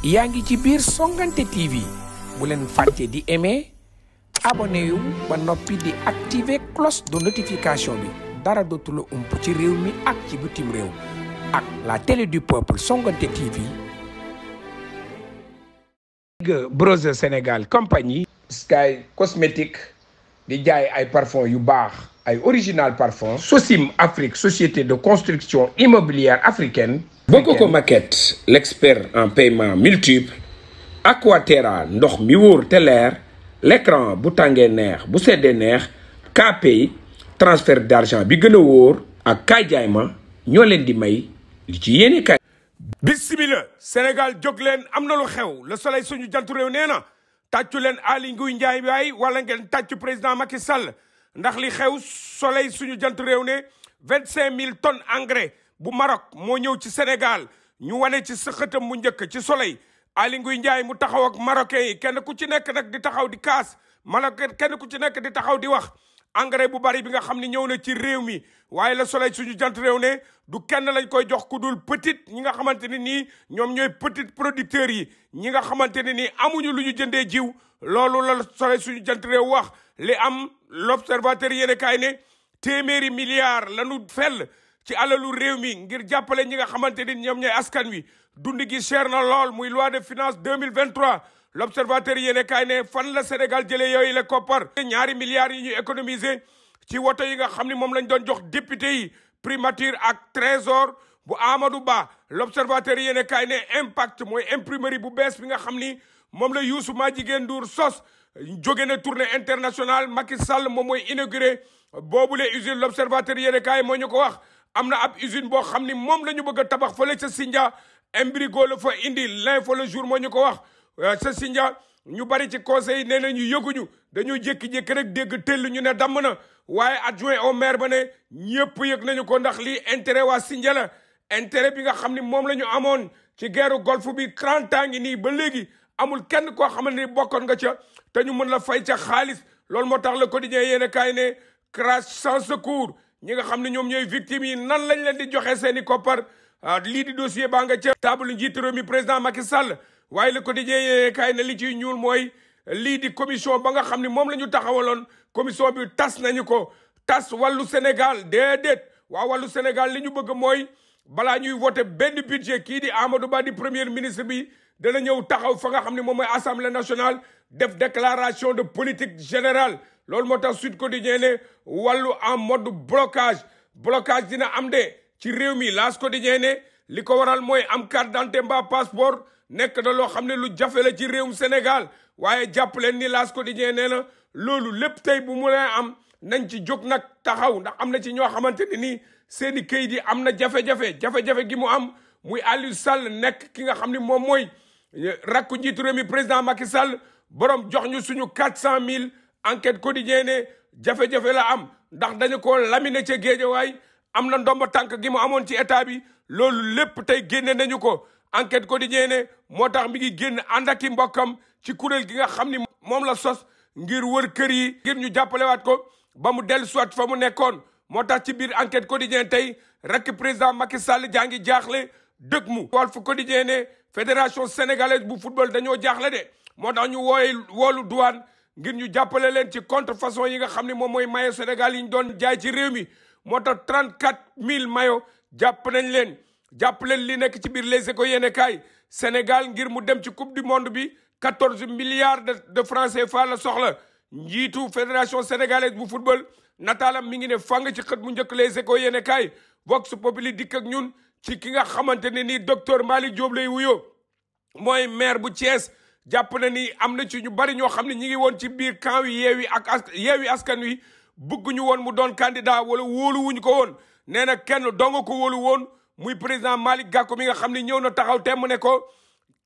yaa ngi ci biir Songuanté TV bu leen fàtte di aimer abonné ba noppi di activer cloche de notification bi dara dootu la ump ci réew mi ak ci butim réew ak la télé du peuple Songuanté TV. Ligue Brose Sky cosmétique di jaay ay parfum yu baax ay original parfum. Sosim Afrique société de construction immobilière africaine. ko Market l'expert en paiement multiple Aquaterra ndox mi wóor te leer l'écran bu tàngee neex bu seddee neex KPay transfert d'argent bi gën a wóor ak kaay ma ñoo leen di may li ci yéene kaay bismillah Sénégal jóg leen am na lu xew la soleil suñu jantu réew nee na tàccu leen Aly Ngouille Ndiaye waay wala ngeen tàccu président Macky Sall ndax li xew soleil suñu jant réew ne vingt cinq mille tonnes engrais bu Maroc moo ñëw ci Sénégal ñu wane ci sa xëtam mu njëkk ci soleil Aly Ngouille Ndiaye mu taxaw ak marocain yi kenn ku ci nekk nag di taxaw di kaas marocain kenn ku ci nekk di taxaw di wax engrais bu bari bi nga xam ni ñëw na ci réew mi waaye la soleil suñu jant réew ne du kenn lañ koy jox ku dul petite ñi nga xamante ne nii ñoom ñooy petite producteurs yi ñi nga xamante ne nii amuñu lu ñu jëndee jiw loolu la soleil suñu jant réew wax li am l'observateur yéen a kaay ne téeméeri milliards lañu fell ci alalu réew mi ngir jàppale ñi nga xamante ni ñoom ñooy askan wi dund gi cher na lool muy loi de finance 2023 l' observateur yéene kaay ne fan la Sénégal jëlee yooyu la koppar ñaari milliards yi ñu économiser ci woto yi nga xam ne moom lañ doon jox député yi primature ak trésor bu Amadou Ba l' observateur yéene kaay ne impact mooy imprimerie bu bees bi nga xam ni moom la ma Madjiguène Ndour sos jóge na tournée internationale Macky Sall moom mooy inauguré boobule usine l' observateur yéene kaay moo ñu ko wax am na ab usine boo xam ni moom la ñu bëgg a tabax fële ca Sindia Embrigo la fa indi l'info le jour moo ñu ko wax euh, ca Sindia ñu bari ci conseil nee na ñu yëguñu dañoo jékki-jékki rek dégg tell ñu ne damm na waaye adjoint au maire ba ne ñëpp yëg nañu ko ndax lii intérêt waa Sindia la intérêt bi nga xam ni moom la ñu amoon ci guerre golf bi trente ans ngi nii ba léegi amul kenn koo xam ne bokkoon nga ca te ñu mën la fay ca xaalis loolu moo tax le quotidien yéen a kaay ne crash sans secours ñi nga xam ne ñoom ñooy victimes yi nan lañ leen di joxe seen i koppar ah, lii dossier baa nga ca table njiitu réew mi président Macky Sall waaye Le Quotidien kaay na li ciy ñuul mooy lii di commission ba nga xam ne moom la ñu taxawaloon commission bi tas nañu ko tas wàllu Sénégal déedéet waa wàllu Sénégal li ñu bëgg mooy balaa ñuy voté benn budget kii di Amadou Ba di premier ministre bi dana ñëw taxaw fa nga xam ne moom mooy assemblée nationale def déclaration de politique générale loolu moo tax Sud Quotidien ne wàllu en mode blocage blocage dina am de ci réew mi L'As Quotidien ne li ko waral mooy am carte d'identité mbaa passeport nekk na loo xam ne lu jafe la ci réewum Sénégal waaye jàpp leen ni L'As Quotidien nee na loolu lépp tey bu mu leen am nañ ci jóg nag taxaw ndax am na ci ñoo xamante ne nii seeni kayit yi am na jafe-jafe jafe-jafe gi mu am muy Aliou Sall nekk ki nga xam ni moom mooy eh, rakku njiitu réew mi président Macky Sall borom jox ñu suñu quatre cent mille enquête quotidien ne jafe-jafe la am ndax dañu ko lamine ca géejawaay am na ndomba tànk gi mu amoon ci état bi loolu lépp tey génne nañu ko enquête quotidien ne moo tax mi ngi génn ànd ak i mbokkam ci kuréel gi nga xam ni moom la sos ngir wër kër yi ngir ñu jàppalewaat ko ba mu dellu soit fa mu nekkoon moo tax ci biir enquête quotidien tey rakk président Macky Sall jaa ngi jaaxle dëgg mu Walf Quotidien ne fédération sénégalaise bu football dañoo jaaxle de moo ñu wooye woolu douane ngir ñu jàppale leen ci contrefaçon yi nga xam ne moom mooy mayo Sénégal yi ñu doon jaay ci réew mi moo tax mille mayo jàpp nañ leen jàpp leen li nekk ci biir Les Échos yéene kaay Sénégal ngir mu dem ci coupe du monde bi 14 milliards de francs CFA la soxla njiitu fédération sénégalaise bu football nataalam mi ngi ne fang ci xët mu njëkk Les Échos yéene kaay Vox Populi dikk ak ñun ci ki nga xamante ne nii docteur Malick Diop lay wuyoo mooy maire bu Thiès jàpp na ni am na ci ñu bari ñoo xam ne ñi ngi woon ci biir camp yi yeewi ak as yeewi askan wi bëgguñu woon mu doon candidat wala wóoluwuñu ko woon nee na kenn dong ko woolu woon muy président Malick Gakou mi nga xam ne ñëw na taxaw temm ne ko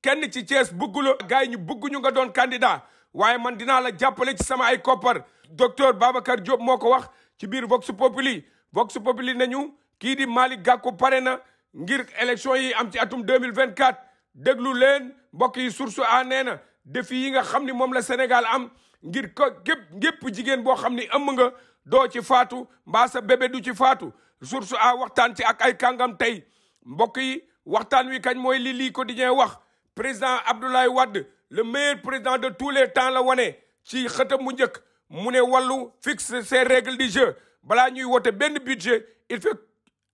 kenn ci Thiès bëggu la gars yi ñu bëgguñu nga doon candidat waaye man dinaa la jàppale ci sama ay koppar docteur Babacar Diop moo ko wax ci biir Vox Populi Vox Populi nañu kii di Malick Gakou pare na ngir élection yi am ci atum 2024 déglu leen mbokk yi source a nee na défi yi nga xam ni moom la Sénégal am ngir ko gépp ngépp jigéen boo xam ni ëmm nga doo ci faatu mbaa sa du ci faatu source a waxtaan ci ak ay kàngam tey mbokk yi waxtaan wi kañ mooy li lii quotidien wax président Abdoulaye wadd le meilleur président de tous les temps la wane ci xëtam mu njëkk mu ne wàllu fixe ses règles du jeu balaa ñuy wote benn budget il faut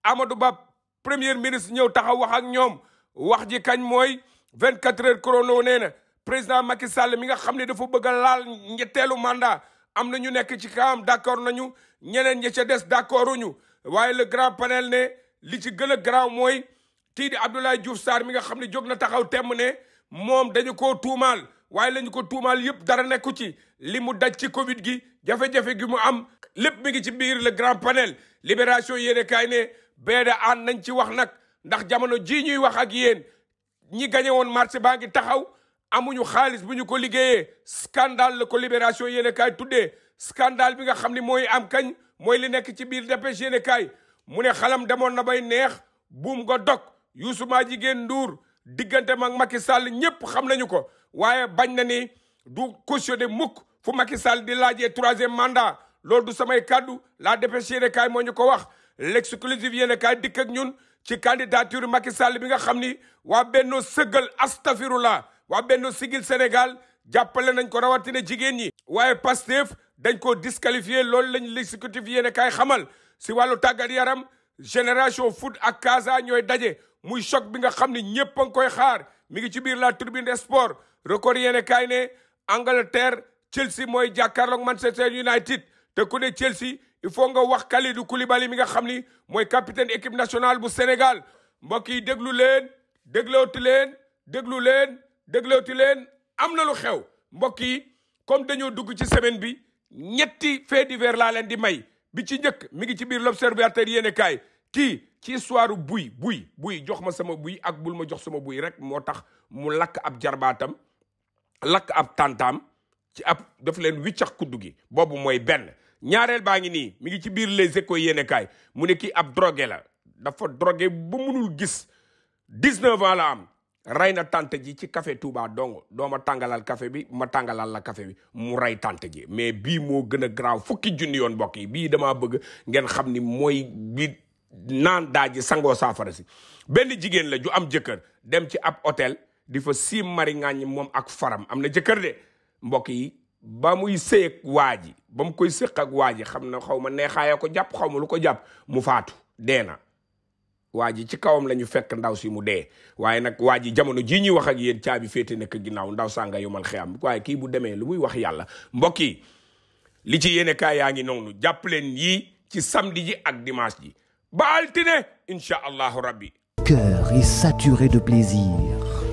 Amadou Ba premier ministre ñëw taxaw wax ak ñoom wax ji kañ mooy 24 heures chrono nee na président Macky Sall mi nga xam ne dafa bëgg laal ñetteelu manda am na ñu nekk ci kaam d'accord nañu ñeneen ñi ca des d'accordu ñu waaye le grand panel ne li ci gën a garaaw mooy tii di Abdoulaye Diouf Sarr mi nga xam ne jóg na taxaw temm ne moom dañu koo tuumaal waaye lañu ko tuumaal yëpp dara nekku ci li mu daj ci Covid gi jafe-jafe gi mu am lépp mi ngi ci biir le grand panel libération yéene kaay ne beeda aan nañ ci wax nag ndax jamono jii ñuy wax ak yéen ñi gañe woon marché baa ngi taxaw amuñu xaalis bu ñu ko liggéeyee scandale la ko libération yéene kaay tuddee scandale bi nga xam ni mooy am kañ mooy li nekk ci biir dépêche yéene kaay mu ne xalam demoon na bay neex buum nga dog Youssou maa jigéen Ndour diggante mag Macky Sall ñëpp xam nañu ko waaye bañ na ni du cautionné mukk fu Macky Sall di laajee troisième mandat loolu du samay kàddu la dépêche yéene kaay moo ñu ko wax l'exclusive yéene kaay dikk ak ñun ci candidature Macky Sall bi nga xam ni waa Benno sëggal astafirullah waa Benno sigil Sénégal jàppale nañ ko rawatina jigéen ñi. waaye Pastef dañ ko disqualifié loolu lañ l'exécutif yéene kaay xamal si wàllu tàggat yaram génération foot ak Casa ñooy daje muy choc bi nga xam ni ñëpp ngi koy xaar mi ngi ci biir la tribune des sports record yéene kaay ne Angleterre Chelsea mooy jàkkaarloog Manchester United te ku ne Chelsea. il faut nga wax Kalidou Koulibaly mi nga xam ni mooy capitaine équipe nationale bu Sénégal mbokk yi déglu leen déglooti leen déglu leen déglooti leen am na lu xew mbokk yi comme dañoo dugg ci semaine bi ñetti fait divers laa leen di may bi ci njëkk mi ngi ci biir l'observateur yéene kaay kii ci histoire buy buy buy jox ma sama buy ak bul ma jox sama buy rek moo tax mu lakk ab jarbaatam lakk ab tàntaam ci ab daf leen wiccax kuddu gi boobu mooy benn ñaareel baa ngi nii mi ngi ci biir les échos yenekaay mu ne kii ab drogué la dafa drogué ba mënul gis 19 ans la am rey na tante ji ci kafe Touba dong doo ma tàngalal kafe bi ma tàngalal la kafe bi mu rey tante ji mais bii moo gën a garaaw fukki junni yoon mbokk yi bii damaa bëgg ngeen xam ni mooy bi naan daa ji sangoo saafara si benn jigéen la ju am jëkkër dem ci ab hôtel di fa siim mari ngaañ moom ak faram am na jëkkër de mbokk yi ba muy seeg waa ji ba mu koy séq ak waa ji xam na xaw ma neexaaya ko jàpp xaw ma lu ko jàpp mu faatu dee na waa ji ci kawam lañu fekk ndaw si mu dee waaye nag waa ji jamono jii ñuy wax ak yéen caabi féete nekk ginnaaw ndaw sànga yomal xiyam waaye kii bu demee lu muy wax yàlla mbokk yi li ci yéene kaay yaa ngi noonu jàpp leen yii ci samedi ji ak dimaas ji ba altine incha allahu rabbi cœur est saturé de plaisir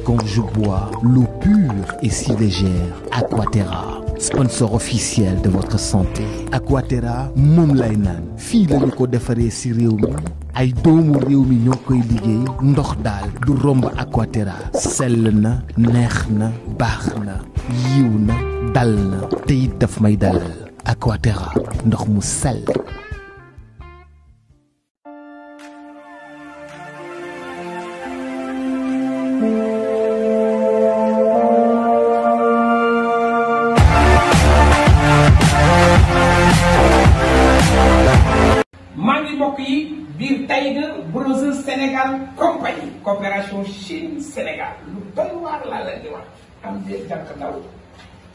quand je bois l'eau pure et si légère Aquaterra sponsor officiel de votre santé Aquaterra moom lay naan fii lañu ko defaree ci réew mi ay doomu réew mi ñoo koy liggéey ndox daal du romb Aquaterra sel na neex na baax na yiw na dal na te it daf may dalal Aquaterra ndox mu sell Sénégal compagnie coopération Chine Sénégal lu doy waar la di wax am de jànq ndaw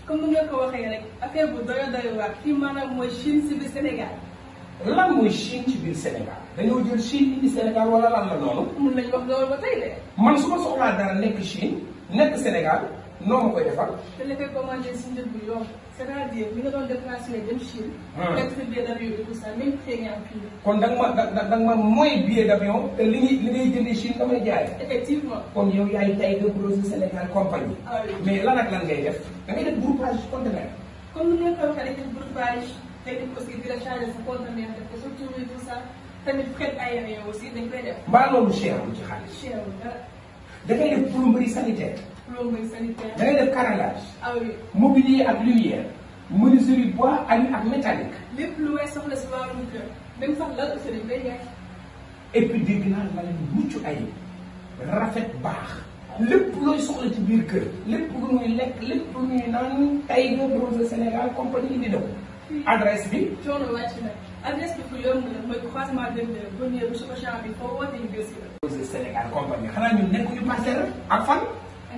comme nga ko waxee rek affaire bu doy doy waar fii maanaam mooy Chine ci biir Sénégal lan mooy Chine ci biir Sénégal dañoo jël Chine indi Sénégal wala lan la noonu mun nañ wax loolu ba tey de man su ma dara nekk Chine nekk Sénégal noo ma koy defal. te li koy si njëg bu yomb c'est-à-dire mi nga doon déplacé dem Chine. Ah. fekk sa billet d'avion bi tout ça même prix nga am kon da nga ma da da nga ma mooy billet d'avion te li ñuy li ngay jëndee Chine damay jaay. effectivement kon yow yaay tay de projet Sénégal compagnie. Ah mais lan ak lan ngay def da ngay def groupage conteneur. comme ni nga ko waxee rek groupage day def aussi di la chargé sa conteneur def ko surtout muy mbaa loolu cher ci xaalis. plomberie sanitaire. da ngay def carrelage. a ah oui mobilier ak lumière. menuiserie bois ak métallique. lépp lu may soxla si wàllum kër. même sax lal aussi dañ koy jaay. et ci biir kër. lépp lu muy lekk lu muy nga Rose Sénégal compagnie di daw. adresse bi. coono wàcc na adresse bi fu yomb la mooy croisement Dendeye bi foo Sénégal compagnie xanaa ñun nekk ñu parcelle ak fan.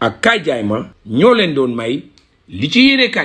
ak kaay ma ñoo leen doon may li ci